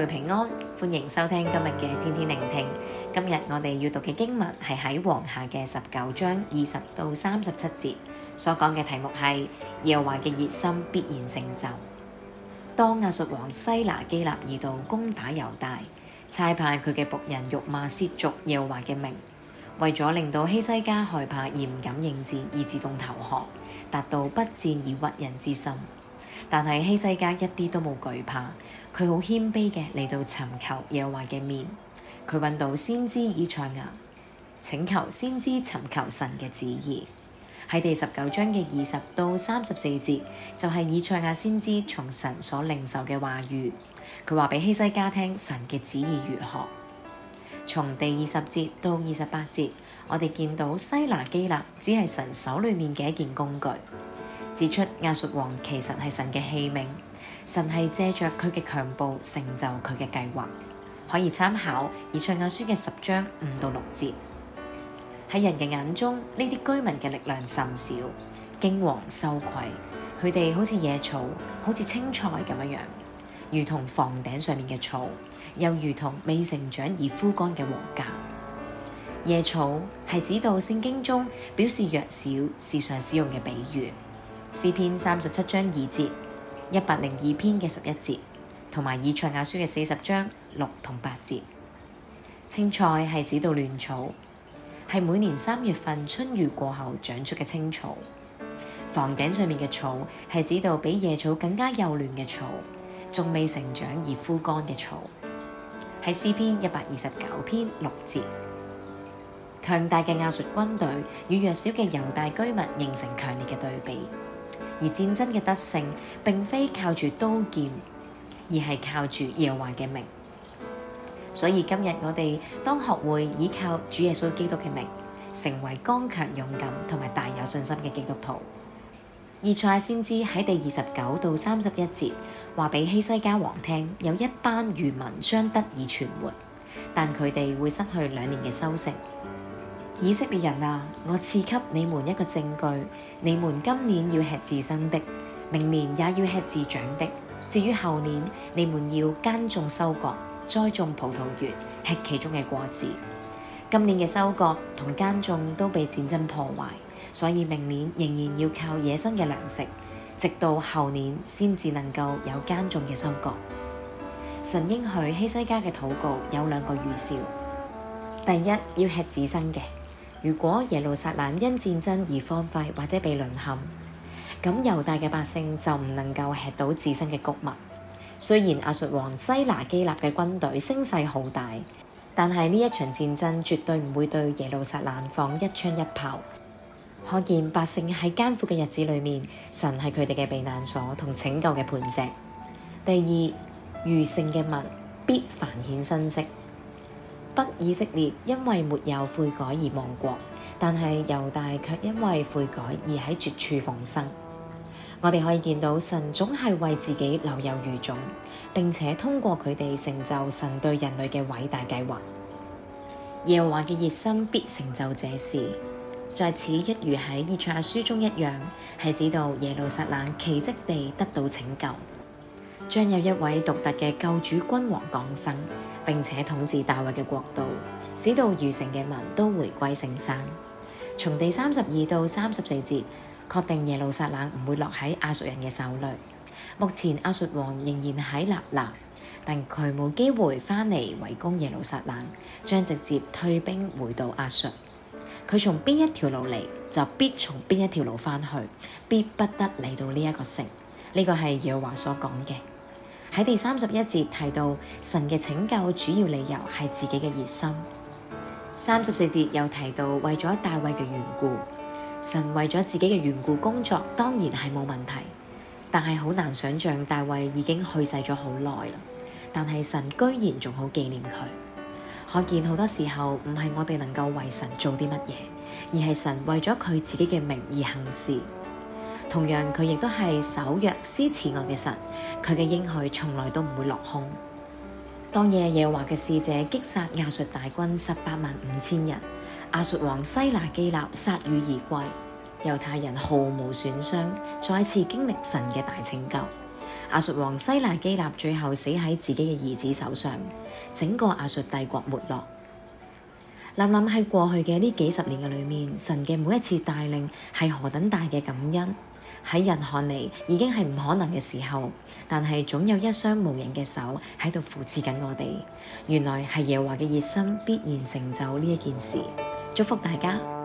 各位平安，歡迎收聽今日嘅天天聆聽。今日我哋要讀嘅經文係喺王下嘅十九章二十到三十七節，所講嘅題目係耶和華嘅熱心必然成就。當亞述王西拿基立二度攻打猶大，差派佢嘅僕人辱罵褻瀆耶和華嘅名，為咗令到希西家害怕而唔敢應戰而自動投降，達到不戰而屈人之心。但係希西家一啲都冇懼怕，佢好謙卑嘅嚟到尋求耶和華嘅面。佢揾到先知以賽亞，請求先知尋求神嘅旨意。喺第十九章嘅二十到三十四節，就係、是、以賽亞先知從神所領受嘅話語，佢話俾希西家聽神嘅旨意如何。從第二十節到二十八節，我哋見到西拿基立只係神手裏面嘅一件工具。指出，亞述王其實係神嘅器皿，神係借着佢嘅強暴成就佢嘅計劃，可以參考以賽亞書嘅十章五到六節。喺人嘅眼中，呢啲居民嘅力量甚少，驚惶羞愧，佢哋好似野草，好似青菜咁樣樣，如同房頂上面嘅草，又如同未成長而枯乾嘅禾稼。野草係指到聖經中表示弱小、時常使用嘅比喻。詩篇三十七章二節，一百零二篇嘅十一節，同埋以賽亞書嘅四十章六同八節。青菜係指到嫩草，係每年三月份春雨過後長出嘅青草。房頂上面嘅草係指到比野草更加幼嫩嘅草，仲未成長而枯乾嘅草。喺詩篇一百二十九篇六節。強大嘅亞述軍隊與弱小嘅猶大居民形成強烈嘅對比。而戰爭嘅得勝，並非靠住刀劍，而係靠住耶和華嘅名。所以今日我哋當學會倚靠主耶穌基督嘅名，成為剛強、勇敢同埋大有信心嘅基督徒。而賽亞先知喺第二十九到三十一節話俾希西家王聽，有一班餘民將得以存活，但佢哋會失去兩年嘅收成。以色列人啊，我賜給你們一個證據：你們今年要吃自生的，明年也要吃自長的。至於後年，你們要耕種收割，栽種葡萄園，吃其中嘅果子。今年嘅收割同耕種都被戰爭破壞，所以明年仍然要靠野生嘅糧食，直到後年先至能夠有耕種嘅收割。神應許希西，西家嘅禱告有兩個預兆：第一，要吃自生嘅。如果耶路撒冷因戰爭而荒廢或者被淪陷，咁猶大嘅百姓就唔能夠吃到自生嘅穀物。雖然亞述王西拿基立嘅軍隊聲勢好大，但係呢一場戰爭絕對唔會對耶路撒冷放一槍一炮。可見百姓喺艱苦嘅日子裏面，神係佢哋嘅避難所同拯救嘅磐石。第二，餘剩嘅民必繁衍生息。北以色列因為沒有悔改而亡國，但係猶大却因為悔改而喺絕處逢生。我哋可以見到神總係為自己留有餘種，並且通過佢哋成就神對人類嘅偉大計劃。耶和華嘅熱心必成就這事，在此一如喺《以賽亞書》中一樣，係指到耶路撒冷奇迹地得到拯救。將有一位獨特嘅救主君王降生，並且統治大衛嘅國度，使到餘剩嘅民都回歸聖山。從第三十二到三十四節，確定耶路撒冷唔會落喺亞述人嘅手裏。目前亞述王仍然喺立拿，但佢冇機會返嚟圍攻耶路撒冷，將直接退兵回到亞述。佢從邊一條路嚟，就必從邊一條路返去，必不得嚟到呢一個城。呢個係耶和華所講嘅。喺第三十一節提到神嘅拯救主要理由係自己嘅熱心。三十四節又提到為咗大衛嘅緣故，神為咗自己嘅緣故工作，當然係冇問題。但係好難想象大衛已經去世咗好耐啦，但係神居然仲好紀念佢，可見好多時候唔係我哋能夠為神做啲乜嘢，而係神為咗佢自己嘅名而行事。同樣佢亦都係守約施慈愛嘅神，佢嘅應許從來都唔會落空。當夜耶和華嘅使者擊殺亞述大軍十八萬五千人，亞述王西拿基立鎩羽而歸，猶太人毫無損傷，再次經歷神嘅大拯救。亞述王西拿基立最後死喺自己嘅兒子手上，整個亞述帝國沒落。諗諗喺過去嘅呢幾十年嘅裏面，神嘅每一次帶領係何等大嘅感恩！喺人看嚟已經係唔可能嘅時候，但係總有一雙無形嘅手喺度扶持緊我哋。原來係耶和華嘅熱心必然成就呢一件事。祝福大家。